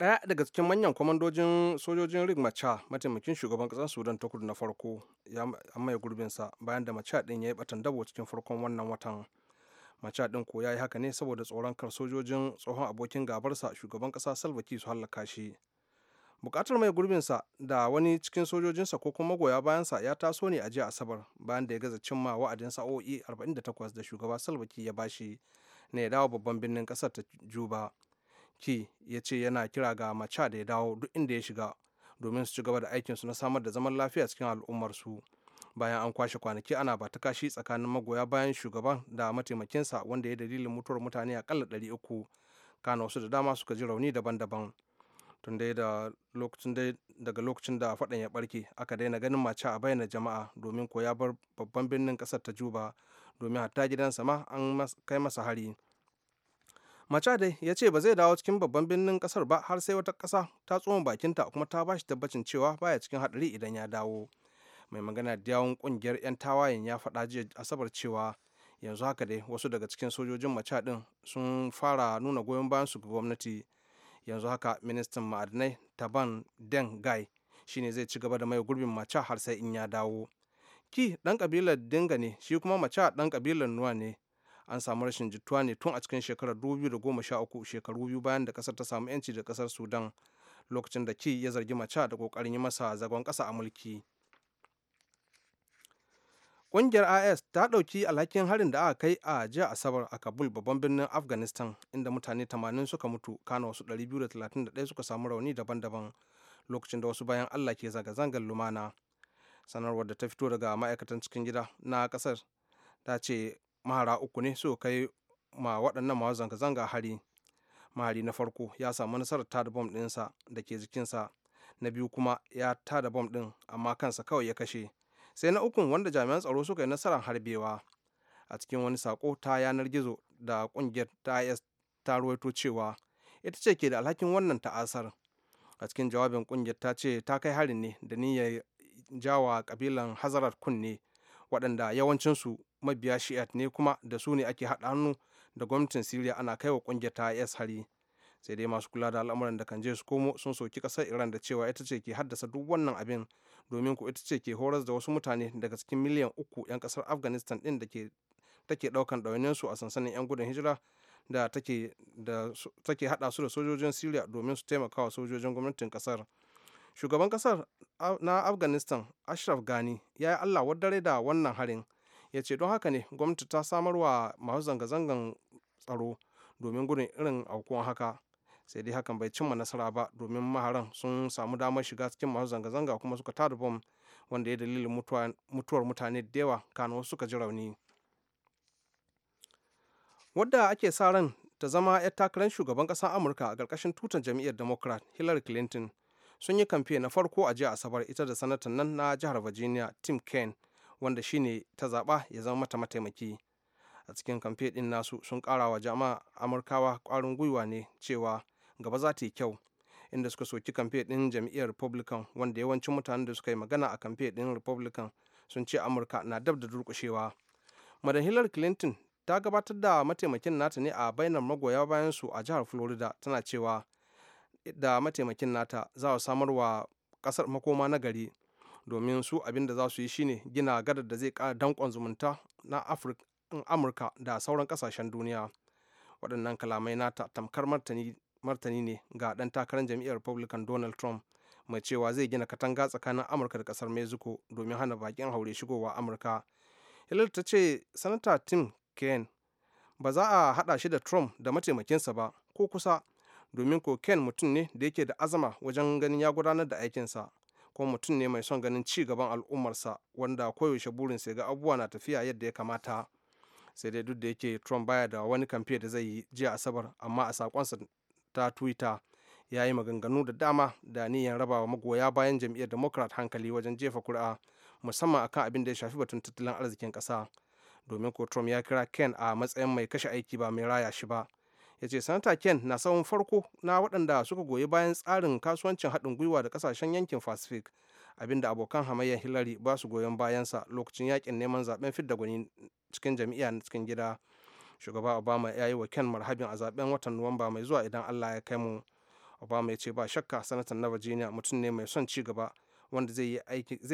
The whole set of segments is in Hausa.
ɗaya daga cikin manyan kwamandojin sojojin rig macha mataimakin shugaban kasar sudan ta kudu na farko ya maye gurbinsa bayan da macha din ya yi batan dabo cikin farkon wannan watan macha din ko ya yi haka ne saboda tsoron kar sojojin tsohon abokin gabarsa shugaban kasa salva ki su hallaka shi bukatar mai gurbinsa da wani cikin sojojinsa ko kuma magoya bayansa ya taso ne a jiya asabar bayan da ya gaza cimma wa'adin sa'o'i 48 da shugaba salva ya bashi ne ya dawo babban birnin ƙasar ta juba ki ya ce yana kira ga maca da ya dawo duk inda ya shiga domin su ci gaba da aikinsu na samar da zaman lafiya cikin al'ummarsu bayan an kwashe kwanaki ana ba ta kashi tsakanin magoya bayan shugaban da mataimakinsa wanda ya dalilin mutuwar mutane akalla uku kana wasu da dama suka ji rauni daban-daban tun dai lokacin daga lokacin da faɗan ya barke aka daina ganin mace a bayyana jama'a domin ko ya bar babban birnin ƙasar ta juba domin hatta gidansa ma an kai masa hari Machade ya ce ba zai dawo cikin babban birnin kasar ba har sai wata kasa ta tsoma bakinta kuma ta ba shi tabbacin cewa baya cikin hadari idan ya dawo. Mai magana da yawun kungiyar 'yan tawayen ya faɗa jiya asabar cewa yanzu haka dai wasu daga cikin sojojin machadin sun fara nuna goyon bayan su ga gwamnati. Yanzu haka ministan ma'adinai Taban Den Gai shine zai ci gaba da mai gurbin macha har sai in ya dawo. Ki ɗan kabilar Dinga ne shi kuma macha ɗan kabilar Nuwa ne an samu rashin jituwa ne tun a cikin shekarar 2013 shekaru biyu bayan da kasar ta samu yanci da kasar sudan lokacin da ke ya zargi mace da kokarin yi masa zagon kasa a mulki Ƙungiyar IS ta ɗauki alhakin harin da aka kai a jiya Asabar a Kabul babban birnin Afghanistan inda mutane 80 suka mutu kana wasu 231 suka samu rauni daban-daban lokacin da wasu bayan Allah ke zanga-zangar lumana. Sanarwar da ta fito daga ma'aikatan cikin gida na kasar ta ce mahara uku ne su kai ma waɗannan masu zanga-zanga hari mahari na farko ya samu nasarar tada bom ɗinsa da ke jikinsa na biyu kuma ya tada bom ɗin amma kansa kawai ya kashe sai na ukun wanda jami'an tsaro suka yi nasarar harbewa a cikin wani sako ta yanar gizo da kungiyar ta is ta ruwaito cewa ita ce ke da alhakin wannan ta'asar a cikin jawabin kungiyar ta ce ta kai harin ne da niyyar jawa kabilan hazarar kunne waɗanda yawancinsu mabiya shi'at ne kuma da su ne ake haɗa hannu da gwamnatin siriya ana kai wa ƙungiyar ta is hari sai dai masu kula da al'amuran da kan je su komo sun soki ƙasar iran da cewa ita ce ke haddasa duk wannan abin domin ko ita ce ke horas da wasu mutane daga cikin miliyan uku 'yan kasar afghanistan ɗin da take ɗaukan su a sansanin 'yan gudun hijira da take haɗa su da sojojin siriya domin su taimaka wa sojojin gwamnatin ƙasar shugaban ƙasar na afghanistan ashraf gani ya yi allah wadare da wannan harin ya ce don haka ne gwamnati ta samar wa masu zanga-zangan tsaro domin gudun irin aukuwan haka sai dai hakan bai cimma nasara ba domin maharan sun samu damar shiga cikin masu zanga-zanga kuma suka tada bom wanda ya dalilin mutuwar mutane da yawa kano suka ji rauni wadda ake sa ran ta zama 'yar takarar shugaban ƙasar amurka a karkashin tutar jam'iyyar democrat hillary clinton sun yi kamfe na farko a jiya asabar ita da sanatan nan na jihar virginia tim kaine wanda shine ta zaba ya zama mata mataimaki a cikin kamfe ɗin nasu sun kara wa jama'a amurkawa ƙwarin gwiwa ne cewa gaba za ta yi kyau inda suka soki kamfe ɗin jam'iyyar republican wanda yawancin mutanen da suka yi magana a kamfe ɗin republican sun ce amurka na dab da durkushewa madan hillary clinton ta gabatar da mataimakin nata ne a bainar magoya bayan su a jihar florida tana cewa da mataimakin nata za a samar wa kasar makoma na gari domin su abin da za su yi shine gina gadar da zai kara dankon zumunta na amurka da sauran kasashen duniya waɗannan kalamai nata tamkar martani ne ga ɗan takarar jam'iyyar republican donald trump mai cewa zai gina katanga tsakanin amurka da ƙasar mexico domin hana bakin haure shigowa amurka hillary ta ce sanata tim kaine ba za a haɗa shi da trump da mataimakinsa ba ko kusa domin ko ken mutum ne da yake da azama wajen ganin ya gudanar da aikinsa kuma mutum ne mai son ganin ci gaban al'ummarsa wanda koyaushe burin burinsa ga abubuwa na tafiya yadda ya kamata sai dai duk da yake trump baya da wani kamfe da zai yi jiya asabar amma a sakonsa ta twitter ya yi maganganu da dama da niyyar raba wa magoya bayan jam'iyyar democrat hankali wajen jefa kuri'a musamman akan abin da ya shafi batun tattalin arzikin ƙasa domin ko trump ya kira ken a matsayin mai kashe aiki ba mai raya shi ba ya ce sanata ken na tsawon farko na waɗanda suka goyi bayan tsarin kasuwancin haɗin gwiwa da ƙasashen yankin pacific abinda abokan hamayya hillary ba su goyon bayansa lokacin yakin neman zaben fidda gwani cikin jami'a na cikin gida shugaba obama ya yi wa ken marhabin a zaben watan nuwamba mai zuwa idan allah ya kai mu obama ya ce ba shakka sanatan na virginia mutum ne mai son ci gaba wanda zai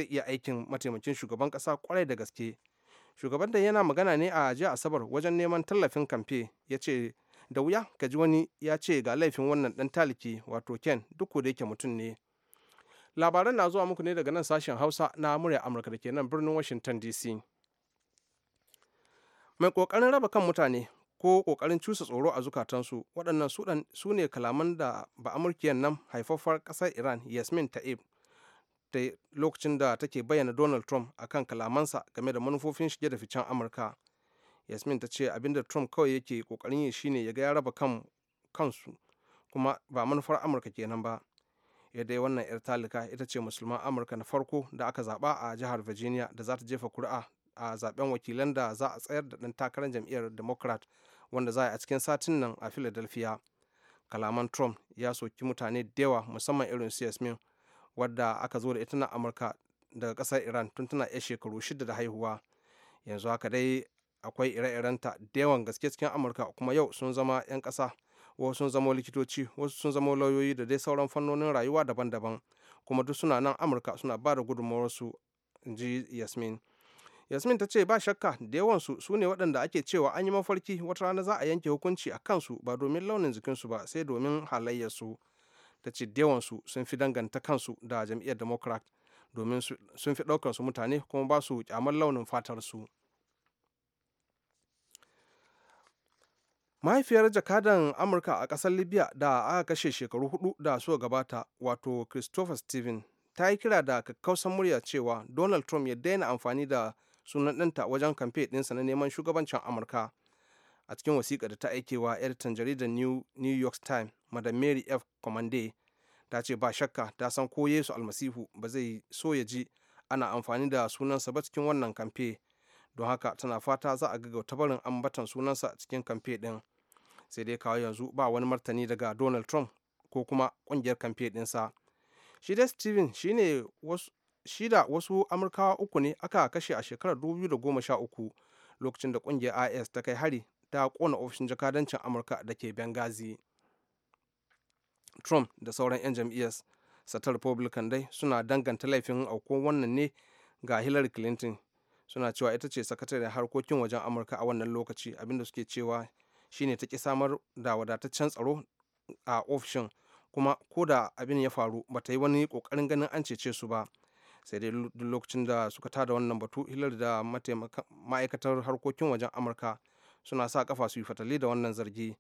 iya aikin mataimakin shugaban kasa kwarai da gaske shugaban da yana magana ne a jiya asabar wajen neman tallafin kamfe ya ce da wuya kaji wani ya ce ga laifin wannan dan taliki wato ken duk da yake mutum ne labaran na zuwa muku ne daga nan sashen hausa na murya amurka da ke nan birnin washington dc mai kokarin raba kan mutane ko kokarin cusa tsoro a zukatansu waɗannan su ne kalaman da ba amurkiyan nan haifaffar ƙasar iran yasmin ta'ib ta lokacin da take bayyana donald trump akan kalamansa game da manufofin shige da ficen amurka yasmin ta ce abinda trump kawai yake kokarin yi shine ya ga ya raba kan kansu kuma ba manufar amurka kenan ba ya wannan yar talika ita ce musulman amurka na farko da aka zaba a jihar virginia da za ta jefa kuri'a a zaben wakilan da za a tsayar da ɗan takarar jam'iyyar democrat wanda za a yi a cikin satin nan a philadelphia kalaman trump ya soki mutane da yawa musamman irin su yasmin wadda aka zo da ita na amurka daga kasar iran tun tana 'yan shekaru shida da haihuwa yanzu haka dai akwai ire-irenta da yawan gaske cikin amurka kuma yau sun zama 'yan ƙasa wasu sun zama likitoci wasu sun zama lauyoyi da dai sauran fannonin rayuwa daban-daban kuma duk suna nan amurka suna ba da gudunmawarsu ji yasmin yasmin ta ce ba shakka da yawansu su ne waɗanda ake cewa an yi mafarki wata rana za a yanke hukunci a kansu ba domin launin jikinsu ba sai domin halayyarsu ta ce da sun fi danganta kansu da jam'iyyar democrat domin sun fi ɗaukansu mutane kuma ba su kyamar launin fatarsu. su mahaifiyar jakadan amurka a ƙasar libya da aka kashe shekaru hudu da suka gabata wato christopher steven ta yi kira da kakkausan murya cewa donald trump ya daina amfani da sunan ɗanta wajen kamfe ɗinsa na neman shugabancin amurka a cikin wasiƙa da ta aikewa editan jaridar new, york times madam mary f commande ta ce ba shakka ta san ko yesu almasihu ba zai so ya ji ana amfani da sunansa ba cikin wannan kamfe don haka tana fata za a gaggauta barin ambatan sunansa cikin kamfe ɗin sai dai kawo yanzu ba wani martani daga donald trump ko kuma kungiyar kamfe ɗinsa shi dai steven shi da wasu amurkawa uku ne aka kashe a shekarar 2013 lokacin da kungiyar is ta kai hari ta kona ofishin jakadancin amurka da ke benghazi trump da sauran 'yan jam'iyyar sata republican dai suna danganta laifin aukuwan wannan ne ga hillary clinton suna cewa ita ce sakataren harkokin wajen amurka a wannan lokaci abinda suke cewa shine ta ki samar da wadataccen tsaro a ofishin kuma ko da abin ya faru ba ta yi wani kokarin ganin an cece su ba sai dai duk lokacin da suka tada wannan batu hilar da ma'aikatar harkokin wajen amurka suna sa kafa su yi fatali da wannan zargi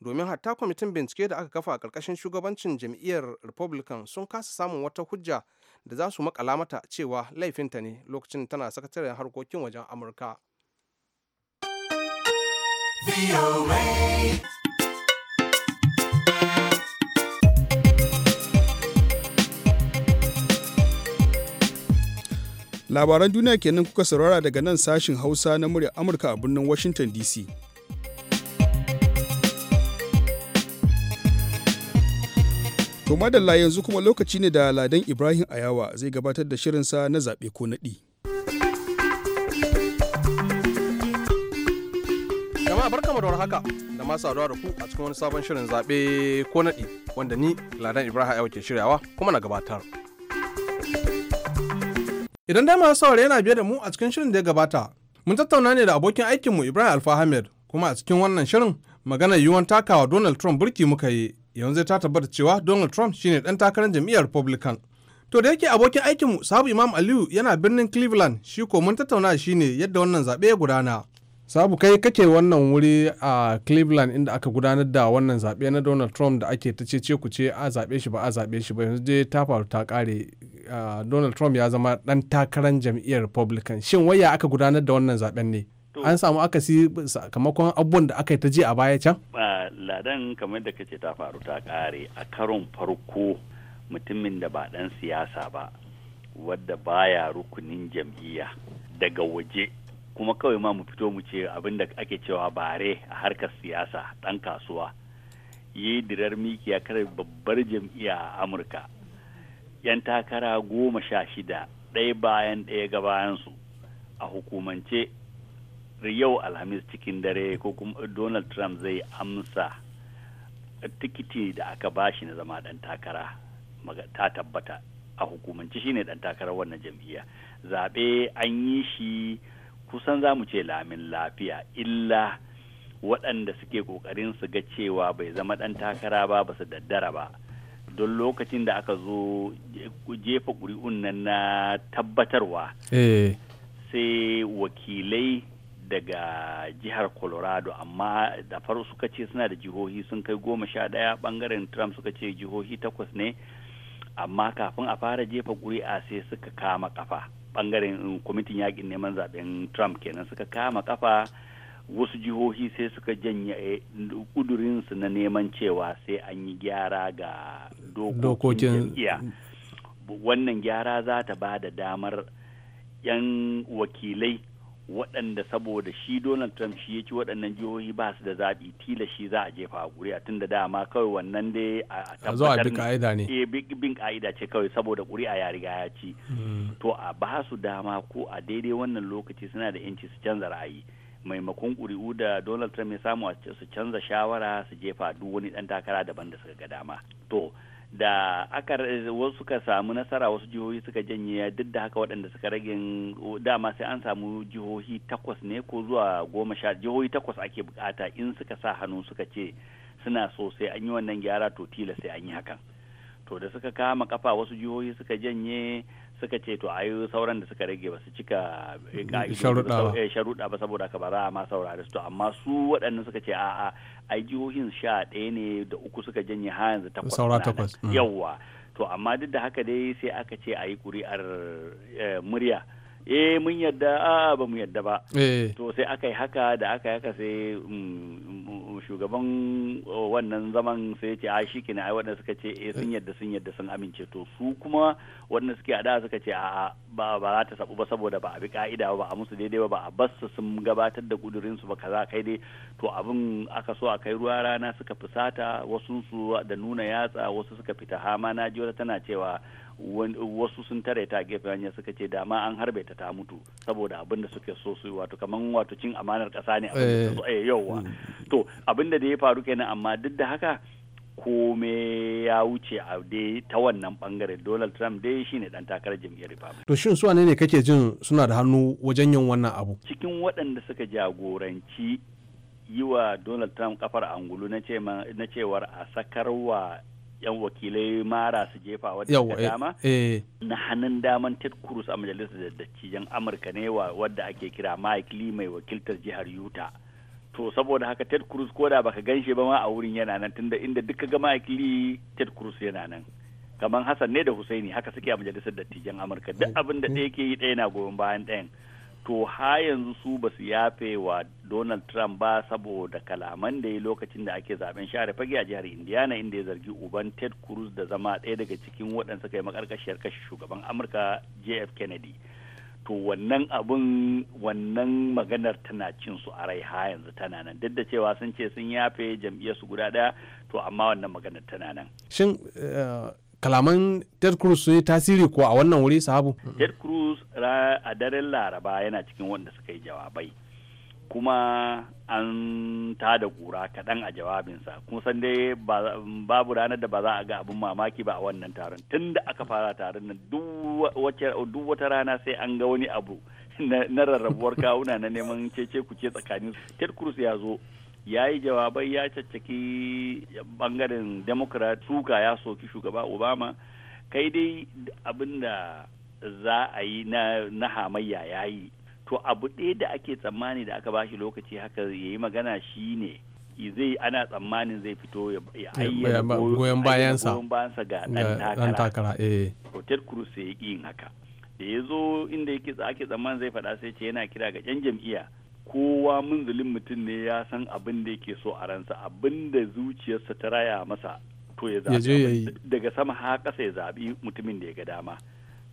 domin hatta kwamitin bincike da aka kafa a ƙarƙashin shugabancin jam'iyyar republican sun kasa samun wata hujja da za su makala mata cewa laifinta ne lokacin tana sakataren harkokin wajen amurka Labaran duniya kenan kuka saurara daga nan sashin Hausa na murya Amurka a birnin Washington DC. To madalla yanzu kuma lokaci ne da Ladan Ibrahim Ayawa zai gabatar da shirinsa na zaɓe ko naɗi. jama'a barkamu da haka da masu saduwa da ku a cikin wani sabon shirin zaɓe ko naɗi wanda ni Ladan Ibrahim yau ke shiryawa kuma na gabatar. Idan dai masu saurare yana biye da mu a cikin shirin da ya gabata, mun tattauna ne da abokin aikinmu Ibrahim Alfahamed kuma a cikin wannan shirin magana yiwuwan takawa Donald Trump burki muka yi yanzu zai ta tabbata cewa Donald Trump shine dan takarar jam'iyyar Republican. To da yake abokin aikinmu Sabu Imam Aliyu yana birnin Cleveland shi ko mun tattauna shi ne yadda wannan zaɓe ya gudana. sabu kai kake wannan wuri a cleveland inda aka gudanar da wannan zaɓe na donald trump da ake ta ce ku ce a zaɓe shi ba a zaɓe shi ba yanzu dai ta faru ta ƙare donald trump ya zama ɗan takarar jam'iyyar republican shin waya aka gudanar da wannan zaɓen ne an samu akasi sakamakon abubuwan da aka yi ta je a baya can ladan kamar da kace ta faru ta ƙare a karon farko mutumin da ba ɗan siyasa ba wadda baya rukunin jam'iyya daga waje kuma kawai ma mu fito mu ce abin da ake cewa bare a harkar siyasa ɗan kasuwa yi dirar mikiya kare babbar jam'iyya a amurka yan takara goma sha shida ɗaya bayan ɗaya ga gabayansu a hukumance yau alhamis cikin dare ko kuma donald trump zai amsa tikiti da aka bashi na zama ɗan takara ta tabbata a hukumance shine ɗan takarar wannan jam'iyya zaɓe an yi shi kusan za mu ce lamin lafiya illa waɗanda suke ƙoƙarin su ga cewa bai zama ɗan takara ba ba su daddara ba don lokacin da aka zo jefa ƙuri'un nan na tabbatarwa eh. sai wakilai daga jihar colorado amma da faru suka ce suna da jihohi sun kai goma sha ɗaya ɓangaren trump suka ce jihohi takwas ne amma kafin a fara jefa ƙuri'a sai suka kama kafa bangaren um, kwamitin yakin neman zaben trump kenan suka kama kafa wasu jihohi sai suka janye eh, kudurinsu na neman cewa sai an yi gyara ga dokokin wannan gyara za ta ba da damar 'yan wakilai waɗanda saboda shi Donald Trump shi ya ci waɗannan jihohi ba su da zaɓi tila shi za a jefa a ƙuri'a tun da dama kawai wannan dai a tabbatar bin ka'ida eh, bin ka'ida ce kawai saboda ƙuri'a ya riga ya ci hmm. to a ba su dama ko a daidai wannan lokaci suna da yanci su canza ra'ayi maimakon ƙuri'u da Donald Trump ya samu su canza shawara su jefa duk wani ɗan takara daban da suka ga dama to da aka wasu suka samu nasara wasu jihohi suka janye duk da haka waɗanda suka rage dama sai an samu jihohi takwas ne ko zuwa goma sha jihohi takwas ake bukata in suka sa hannu suka ce suna so sai an yi wannan gyara to tila sai an yi hakan to da suka kama kafa wasu jihohi suka janye suka ce to ayi sauran da suka rage ba su cika eh, mm, eh, sharuɗa ba saboda ka ba za a ma saurare su to amma su waɗannan suka ce a'a a jihohin sha ɗaya ne da uku suka janye ha yanzu takwas saura takwas mm. yawwa to amma duk da haka dai sai aka ce a yi ƙuri'ar eh, murya e mun yadda a ba mu yadda ba to sai aka yi haka da aka yi haka sai mm, shugaban wannan zaman sai ce a shi ne ai waɗanda suka ce eh sun yadda sun yadda sun amince to su kuma waɗanda suke a da suka ce a ba ba za ta sabu ba saboda ba a bi ka'ida ba a musu daidai ba ba a bar su sun gabatar da kudurin su ba kaza kai dai to abin aka so a kai ruwa rana suka fusata wasu su da nuna yatsa wasu suka fita hama na ji wata tana cewa wasu sun tare ta gefe hanya suka ce dama an harbe ta ta mutu saboda abinda da suke so su wato kamar wato cin amanar kasa ne abin da eh. eh, yauwa hmm. to abin da ya faru kenan amma duk da haka kome ya wuce a dai ta wannan bangare Donald Trump dai shine dan takarar jam'iyyar Republican. To shin su ne kake jin suna da hannu wajen yin wannan abu? Cikin waɗanda suka jagoranci yi wa Donald Trump kafar angulu na cewar a sakarwa yan wakilai mara su jefa wadda dama eh, eh. na hannun daman ted cruz a majalisar dattijan amurka ne wadda ake kira mike lee mai wakiltar jihar utah to saboda haka ted cruz ko da baka gan shi ba ma a wurin yana nan tunda inda duka ga mike lee ted cruz yana nan kamar hassan ne da husaini haka suke a majalisar dattijan amurka duk abin da ɗaya ke yi ɗaya na goyon bayan ɗayan to ha yanzu su ba su yafe wa donald trump ba saboda kalaman da ya lokacin da ake zaben share fage a jihar indiana inda ya zargi uban ted cruz da zama ɗaya daga cikin waɗanda suka yi makarkashiyar kashe shugaban amurka jf kennedy to wannan abun wannan maganar tana cin su a rai ha yanzu tana nan duk da cewa sun ce sun yafe jam'iyyar su guda ɗaya to amma wannan maganar tana nan shin eh, kalaman ted cruz sun yi tasiri ko a wannan wuri sahabu ted cruz a daren laraba yana cikin wanda suka yi jawabai kuma an ta da kura kaɗan a jawabinsa kuma san dai babu ranar da ba za a ga abin mamaki ba a wannan taron tun da aka fara taron nan duk wata rana sai an ga wani abu na rarrabuwar kawuna na neman cece kuce tsakanin ted cruz ya zo ya yi jawabai ya caccaki bangaren democrat suka ya soki shugaba obama kai dai abinda da za a yi na hamayya ya yi to abu ɗaya da ake tsammani da aka bashi lokaci haka ya yi magana shi ne zai ana tsammanin zai fito ya eh, goyon bayansa ga ɗan takara eh. ted cruz ya ƙi yin haka da ya zo inda ake tsammanin zai faɗa sai ce yana kira ga 'yan jam'iyya kowa munzulin mutum ne ya san abin da yake so a ransa abin da zuciyarsa ta raya masa to ya zaɓi daga sama ha ƙasa ya zaɓi mutumin da ya ga dama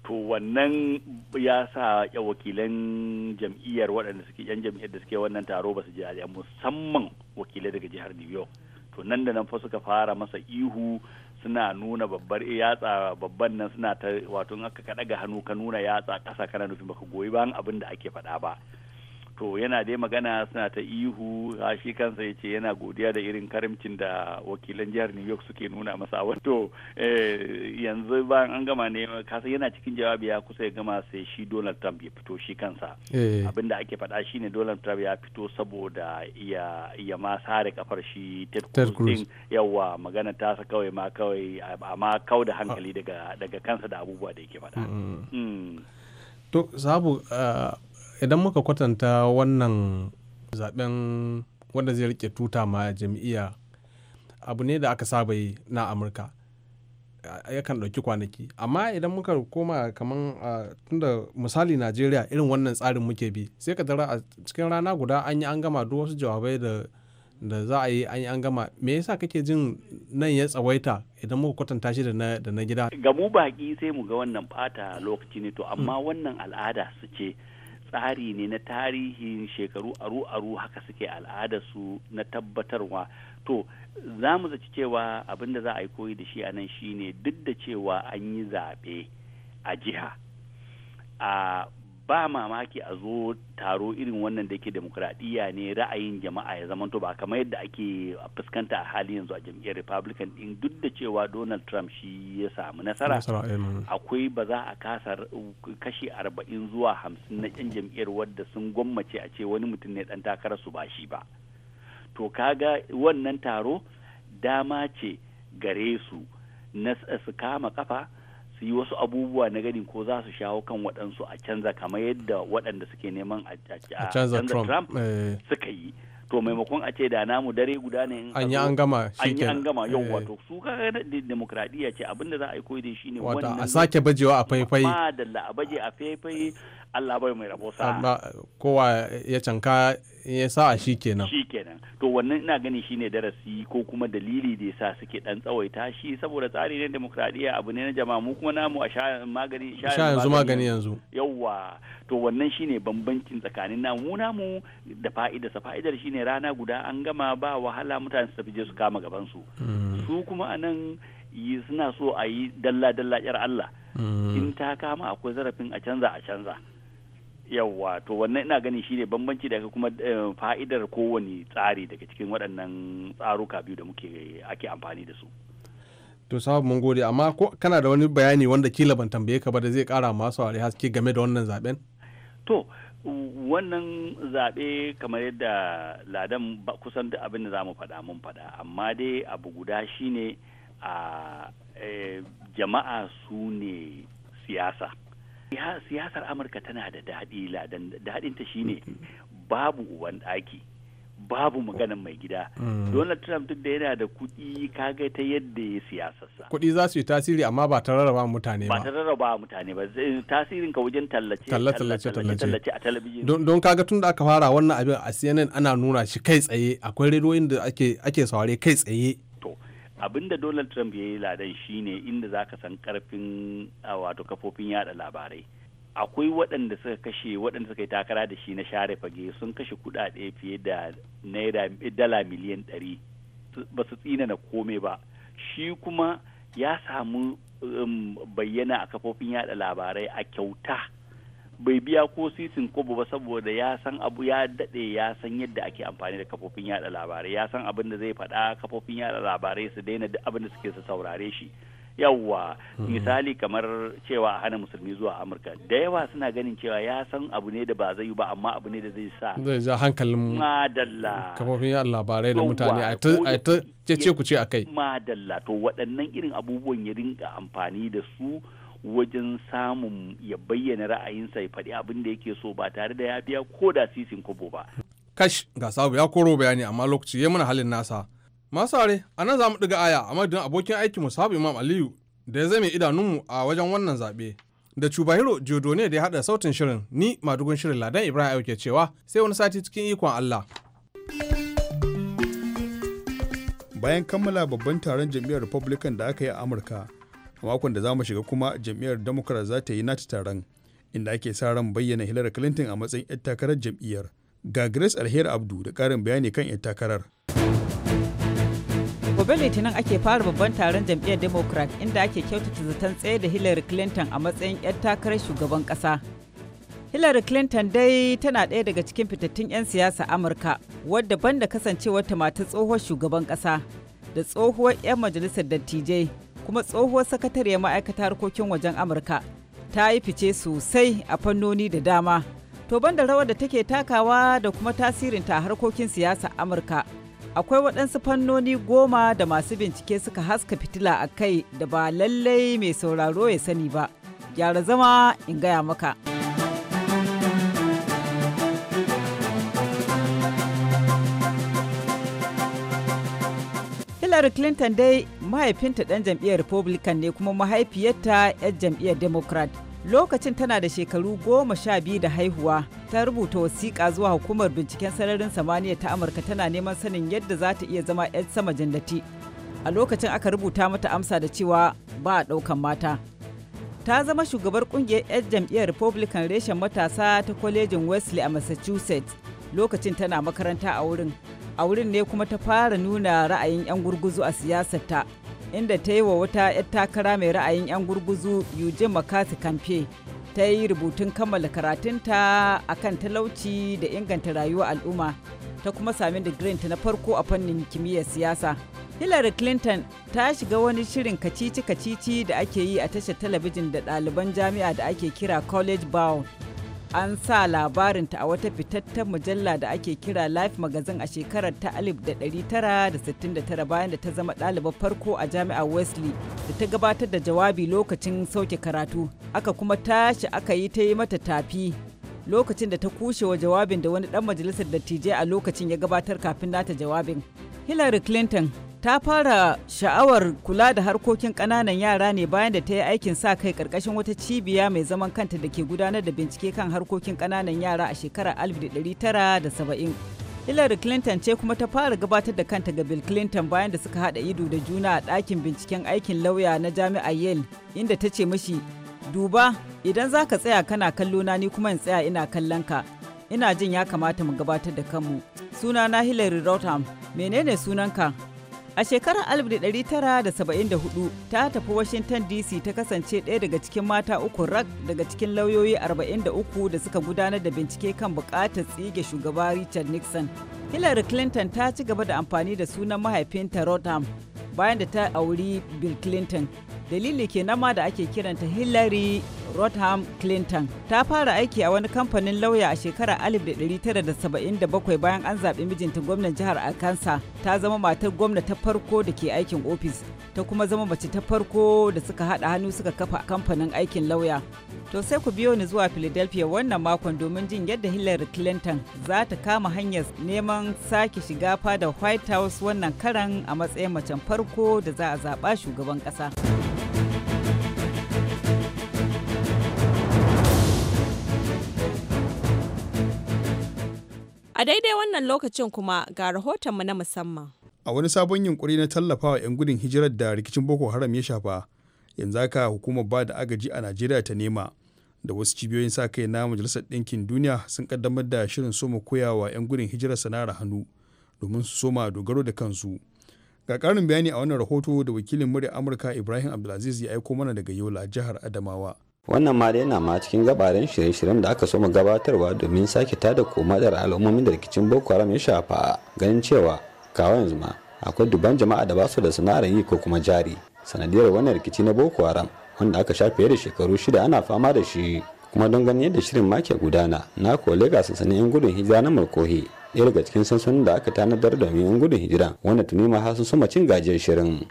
to wannan ya sa ya wakilan jam'iyyar waɗanda suke yan jam'iyyar da suke wannan taro ba su ji daɗi musamman wakilai daga jihar New York to nan da nan fa suka fara masa ihu suna nuna babbar yatsa babban nan suna ta wato in aka kaɗa ga hannu ka nuna yatsa ƙasa kana nufin baka goyi bayan abin da ake faɗa ba to yana dai magana suna ta ihu a shi kansa ya ce yana godiya da irin karimcin da wakilan jihar new york suke nuna masa wato eh, yanzu bayan an gama ne kasa yana cikin jawabi ya kusa ya gama sai shi donald trump ya fito shi kansa eh. abinda ake faɗa shine donald trump ya fito saboda ya ma sare kafar shi ted cruz yawa magana ta sa kawai ma kawai amma kau da hankali ah. daga kansa da abubuwa da yake faɗa mm. to sabu ah, idan muka kwatanta wannan zaben wanda zai rike tuta ma jam'iyya abu ne da aka saba yi na amurka yakan ɗauki kwanaki amma idan muka koma kamar tunda misali najeriya irin wannan tsarin muke bi sai ka tara a cikin rana guda an yi an gama duk wasu jawabai da da za a yi an yi an gama me yasa kake jin nan ya tsawaita idan muka kwatanta shi da na gida ga mu baki sai mu ga wannan fata lokaci ne to amma wannan al'ada su ce tsari ne na tarihin shekaru aru-aru haka suke al'adarsu na tabbatarwa to za mu zaci cewa abinda za a yi koyi da shi a nan shine duk da cewa an yi zaɓe a jiha a ba mamaki a zo taro irin wannan da ke demokradiyya ne ra'ayin jama'a ya zamanto ba kamar yadda ake fuskanta a hali yanzu a jam'iyyar republican din duk da cewa donald trump shi ya samu nasara eh, akwai ba za a kasa kashi arba'in zuwa hamsin na yan jam'iyyar wadda sun gwammace a ce wani mutum ne dan takarar su ba shi ba to kaga wannan taro dama ce gare su na su kama kafa su yi wasu abubuwa na gani ko za su shawo kan waɗansu a canza kamar yadda waɗanda suke neman a canza Trump eh. suka yi. to maimakon a ce da namu dare guda ne an yi an gama yi an gama yau eh. wato su ka demokradiyya ce abinda za a yi koyi da shi ne wannan a sake bajewa a faifai ma da a baje a faifai Allah bai mai rabo sa kowa ya canka ya sa a shi kenan shi kenan to wannan ina gani shine darasi ko kuma dalili da yasa suke dan tsawaita shi saboda tsari ne demokradiya abu ne na jama'a mu kuma namu a sha magani sha yanzu magani yanzu yawa to wannan shine bambancin tsakanin namu mu namu da fa'ida sa fa'idar shine rana guda an gama ba wahala mutane su tafi je su kama gaban su mm. su kuma anan suna so a yi dalla dalla yar Allah mm. in ta kama akwai zarafin a canza a canza yawa to wannan ina ganin shine bambanci daga kuma eh, fa'idar kowane tsari daga cikin waɗannan tsaruka biyu da muke ake amfani da su to sabu mun gode amma ko kana da wani bayani wanda kila ban tambaye ka ba da zai kara masu ware haske game da wannan zaben to wannan zaɓe kamar yadda ladan kusan da abin da za mu faɗa mun faɗa amma dai abu guda shine a ah, eh, jama'a su ne siyasa siyasar amurka tana da daɗi ladan daɗinta shine babu uban ɗaki babu maganan mai gida mm. donald trump duk da yana da kuɗi kaga ta yadda ya siyasarsa kuɗi za su yi tasiri amma ba ta rarraba mutane ba ba ta rarraba mutane ba tasirin ka wajen tallace tallace tallace a talabijin don kaga tun da aka fara wannan abin a cnn ana nuna shi kai tsaye akwai rediyoyin da ake ake kai tsaye abin da donald trump ya yi ladan shine inda za ka san karfin wato kafofin yada labarai akwai waɗanda suka kashe waɗanda suka yi takara da shi na share fage sun kashe kuɗaɗe fiye da naira dala miliyan ɗari ba su tsina na kome ba shi kuma ya samu um, bayyana a kafofin yada labarai a kyauta bai biya ko sisin kobo ba saboda ya san abu ya daɗe ya san yadda ake amfani da kafofin yada labarai ya san abin da zai faɗa kafofin yada labarai su daina duk abin da suke su saurare shi yawwa hmm. misali kamar cewa a hana musulmi zuwa amurka da yawa suna ganin cewa ya san abu ne da ba zai yi ba amma abu ne da zai sa zai ja hankalin madalla kafofin yada labarai da mutane a ta ce ku ce a kai madalla to waɗannan irin abubuwan ya rinka amfani da su wajen samun ya bayyana ra'ayinsa ya faɗi abin da yake so ba tare da ya biya ko da sisin kobo ba. Kash ga sabu ya koro bayani amma lokaci ya mana halin nasa. Masare, a nan za mu ɗiga aya a madadin abokin aikin mu sabu Imam Aliyu da ya zame idanunmu a wajen wannan zaɓe. Da Cubahiro Jodo ne da ya haɗa sautin shirin ni madugun shirin Ladan Ibrahim ke cewa sai wani sati cikin ikon Allah. Bayan kammala babban taron jam'iyyar Republican da aka yi a Amurka, a makon da za mu shiga kuma jam'iyyar democrat za ta yi nata taron inda ake sa ran bayyana hillary clinton a matsayin 'yar takarar jam'iyyar ga grace alheri abdu da karin bayani kan 'yar takarar gobe litinin ake fara babban taron jam'iyyar democrat inda ake kyautata zaton tsaye da hillary clinton a matsayin 'yar takarar shugaban kasa hillary clinton dai tana ɗaya daga cikin fitattun 'yan siyasa amurka wadda banda kasancewar ta mata tsohuwar shugaban kasa da tsohuwar 'yan majalisar dattijai kuma tsohuwar sakatariyar ma'aikata harkokin wajen amurka ta yi fice sosai a fannoni da dama to banda rawar da take takawa da kuma tasirinta a harkokin siyasa amurka akwai waɗansu fannoni goma da masu bincike suka haska fitila a kai da ba lallai mai sauraro ya sani ba gyara zama in gaya maka. hillary clinton dai mahaifinta ɗan jam'iyyar republican ne kuma mahaifiyarta 'yan jam'iyyar democrat lokacin tana da shekaru goma sha biyu da haihuwa ta rubuta wasiƙa zuwa hukumar binciken sararin samaniya ta amurka tana neman sanin yadda za ta iya zama 'yan sama jannati a lokacin aka rubuta mata amsa da cewa ba a ɗaukan mata ta zama shugabar ƙungiyar 'yan jam'iyyar republican reshen matasa ta kwalejin wesley a massachusetts lokacin tana makaranta a wurin a wurin ne kuma ta fara nuna ra'ayin 'yan gurguzu a siyasarta inda ta yi wa wata 'yar takara mai ra'ayin 'yan gurguzu eugene makasi kamfe ta yi rubutun kammala karatunta a kan talauci da inganta rayuwa al'umma ta kuma sami digirinta na farko a fannin kimiyyar siyasa hillary clinton ta shiga wani shirin kacici-kacici da ake yi a tashar talabijin da ɗaliban jami'a da ake kira college bound an sa labarinta a wata fitattar mujalla da ake kira life magazine a shekarar ta 1969 bayan da ta zama ɗalibar farko a jami'ar wesley da ta gabatar da jawabi lokacin sauke karatu aka kuma tashi aka yi ta yi mata tafi lokacin da ta kushe wa jawabin da wani ɗan majalisar dattijai a lokacin ya gabatar kafin nata jawabin hillary clinton ta fara sha'awar kula da harkokin ƙananan yara ne bayan da ta yi aikin sa kai ƙarƙashin wata cibiya mai zaman kanta da ke gudanar da bincike kan harkokin ƙananan yara a shekarar 1970. Hillary Clinton ce kuma ta fara gabatar da kanta ga Bill Clinton bayan da suka haɗa ido da juna a ɗakin binciken aikin lauya na jami'ar Yale inda ta ce mashi. duba idan za ka tsaya kana kallo na ni kuma in tsaya ina kallon ka ina jin ya kamata mu gabatar da kanmu sunana Hillary Rotham menene sunanka A shekarar 1974 ta tafi Washington DC ta kasance ɗaya daga cikin mata uku rak daga cikin lauyoyi 43 da suka gudanar da bincike kan bukatar tsige shugaba Richard Nixon. Hillary Clinton ta ci gaba da amfani da sunan mahaifinta Rodham bayan da ta auri Bill Clinton. Dalili ke nama da ake kiranta Hillary Rotham Clinton ta fara aiki a wani kamfanin lauya a shekarar 1977 bayan an zaɓi mijinta gwamnan jihar Alkansa ta zama matar gwamna ta farko da ke aikin ofis ta kuma zama mace ta farko da suka haɗa hannu suka kafa kamfanin aikin lauya. To sai ku biyo ni zuwa Philadelphia wannan makon domin jin yadda Hillary Clinton za ta kama hanyar neman sake shiga fada White House wannan karan a matsayin macen farko da za a zaɓa shugaban ƙasa. A daidai wannan lokacin kuma ga rahotonmu na musamman. A wani sabon yunkuri na tallafawa 'yan gudun hijirar da rikicin Boko Haram ya shafa, yanzu haka hukumar ba da agaji a Najeriya ta nema. Da wasu cibiyoyin sa kai na Majalisar Ɗinkin Duniya sun kaddamar da shirin soma koyawa 'yan gudun hijirar sana'ar hannu domin su soma dogaro da kansu. Ga ƙarin bayani a wannan rahoto da wakilin murya Amurka Ibrahim Abdulaziz ya aiko mana daga Yola jihar Adamawa. wannan ma dai yana ma cikin gabarin shirye-shiryen da aka so mu gabatarwa domin sake tada da al'ummomin da rikicin boko haram ya shafa ganin cewa kawo yanzu ma akwai dubban jama'a da ba su da sana'ar yi ko kuma jari sanadiyar wannan rikici na boko haram wanda aka sha fiye da shekaru shida ana fama da shi kuma don ganin yadda shirin ma ke gudana na kolega sansanin yan gudun hijira na mulkohi ɗaya daga cikin sansanin da aka tanadar domin yan gudun hijira wanda tuni ma har sun cin gajiyar shirin.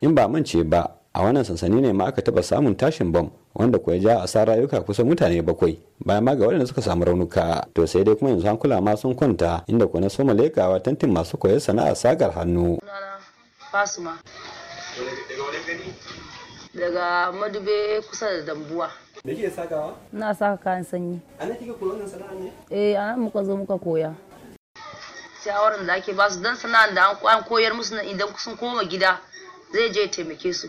in ba mance ba a wannan sansani ne ma aka taba samun tashin bom wanda kuwa ja a sa rayuka kusan mutane bakwai bayan ma ga waɗanda suka samu raunuka to sai dai kuma yanzu hankula ma sun kwanta inda kuwa na soma lekawa tantin masu koyar sana'a sagar hannu daga madube kusa da dambuwa da ke sakawa na saka kayan sanyi kika eh, muka zo muka koya shawaran da ake basu dan sana'ar da an koyar musu idan sun koma gida zai je taimake su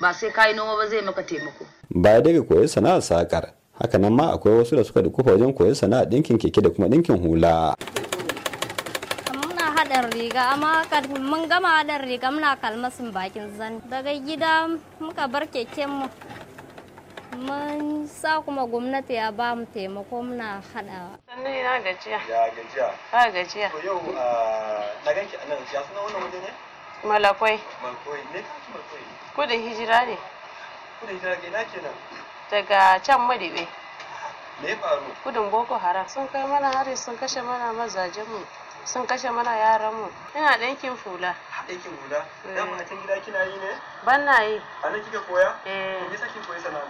ba sai kayi noma ba zai maka taimako baya daga koyon sana'ar sakar hakanan ma akwai wasu da suka dukufa wajen koyon sana'ar dinkin keke da kuma dinkin hula muna haɗar riga amma kafin mun gama haɗar riga muna kalmasin bakin zan daga gida muka bar keken mu mun sa kuma gwamnati ya ba mu taimako muna haɗawa. sannan ina gajiya. Ya gajiya. Ha gajiya. To yau ta ah, ganki a nan ya suna wannan waje ne? malakwai malakwai malakwai ne gudun hijira ne hijira daga can madibe gudun boko haram sun kai mana hari sun kashe mana mazajen mu sun kashe mana yaran mu ina ɗankin fula ɗankin fula eh. dama a cikin gida kina yi ne ban na yi a nan kika koya eh me yasa kin koyi sana'a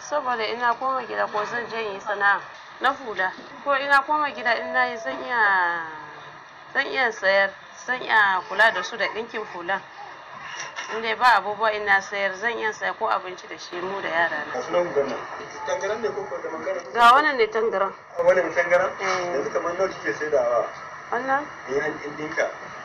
saboda ina koma gida ko zan je yi sana'a na fula ko ina koma gida in na yi zan iya zan iya sayar san iya kula da su da ɗinkin fulan in dai ba abubuwa ina sayar zan iya saya ko abinci da shi mu da yara na tangaran ne ko da mangara ga wannan ne tangaran wannan tangaran eh. yanzu kamar nawa kike saidawa wannan eh an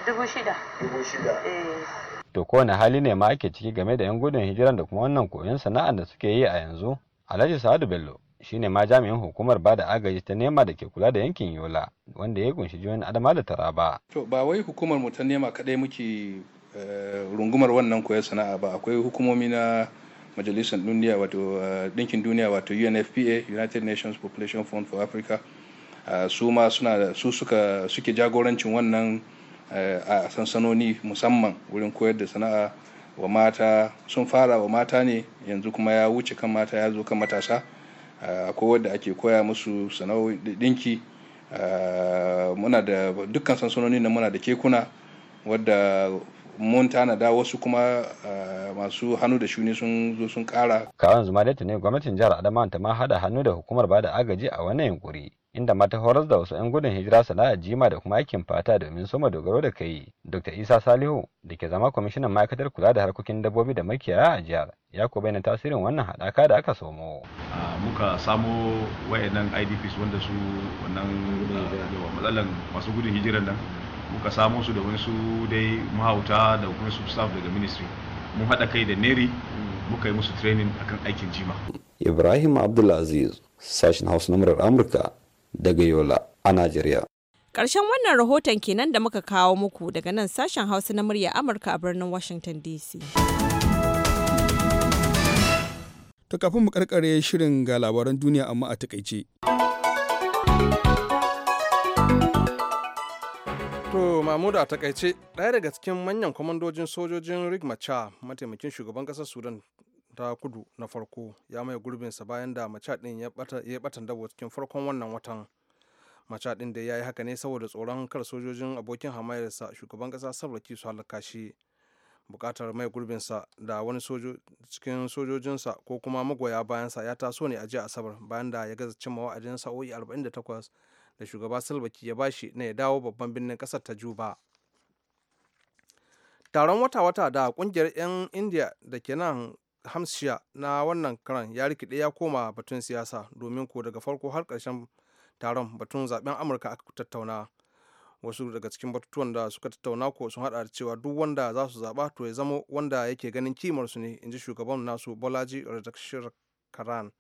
dubu shida dubu shida eh to kowane hali ne ma ake ciki game da yan gudun hijiran da kuma wannan koyon sana'ar da suke yi a yanzu alhaji sa'adu bello shine ma jami'in hukumar bada agaji ta nema da ke kula da yankin yola wanda ya kunshi jihohin adama da taraba to ba wai hukumar mu ta nema kadai muke eh, rungumar wannan koyar sana'a ba akwai hukumomi na majalisar duniya wato dinkin eh, duniya wato unfpa united nations population fund for africa eh, su ma suna su suka suke jagorancin wannan a sansanoni musamman wurin koyar da sana'a wa mata sun fara wa mata ne yanzu kuma ya wuce kan mata ya zo kan matasa Eh, akwai wadda ake koya musu sana'o'i dinki eh, muna da dukkan sansanoni na muna da kekuna wadda mun tanada wasu kuma eh, masu hannu da shuni sun zo sun kara. Kawan zuma da ne gwamnatin jihar Adamawa ta ma hada hannu da hukumar bada agaji a wannan yunkuri inda mata horas da wasu 'yan gudun hijira sana'a jima da kuma aikin fata domin soma dogaro da kai dr isa salihu da ke zama kwamishinan ma'aikatar kula da harkokin dabbobi da makiyaya a jihar ya ku bayyana tasirin wannan haɗaka da aka somo muka samo wayannan idps wanda su wannan matsalan masu gudun hijiran nan muka samo su da wani su dai mahauta da kuma su staff daga ministry mun haɗa kai da neri muka yi musu training akan aikin jima ibrahim abdulaziz sashen hausa na murar amurka daga Yola a Najeriya. Ƙarshen wannan rahoton kenan da muka kawo muku daga nan sashen Hausa na murya Amurka a birnin Washington DC. To kafin mu karkare shirin ga labaran duniya amma a takaice. To mahmud a takaice ɗaya daga cikin manyan kwamandojin sojojin Rig mataimakin shugaban ƙasar Sudan ta kudu na farko ya mai gurbinsa bayan da machadin ya batan dabo cikin farkon wannan watan machadin da ya yi haka ne saboda tsoron kar sojojin abokin hamayarsa shugaban kasa sarraki su halaka shi bukatar mai gurbinsa da wani cikin sojojinsa ko kuma magoya bayansa ya taso ne a jiya asabar bayan da ya gaza cimma wa'adin sa'o'i 48 da shugaba salbaki ya bashi na ya dawo babban birnin kasar ta juba taron wata-wata da kungiyar 'yan india da ke nan hampshire na wannan karan ya rikide ya koma batun siyasa domin ko daga farko har karshen taron batun zaben amurka aka tattauna wasu daga cikin batutuwan da suka tattauna ko sun hada da cewa duk wanda za su zaba to ya zamo wanda yake ganin kimar su ne inji shugaban nasu bolaji radakshir karan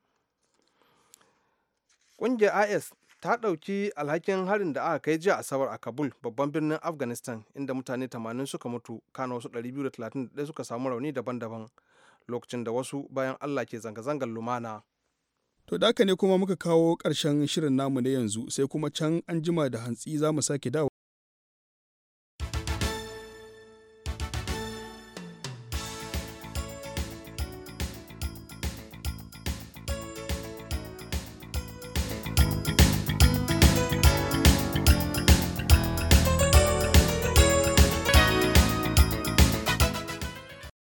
ƙungiyar is ta ɗauki alhakin harin da aka kai jiya asabar a kabul babban birnin afghanistan inda mutane 80 suka mutu kano wasu 231 suka samu rauni daban-daban lokacin da wasu bayan Allah ke zanga-zangar lumana. To da ne kuma muka kawo ƙarshen shirin namu na yanzu sai kuma can an jima da hantsi za mu sake dawo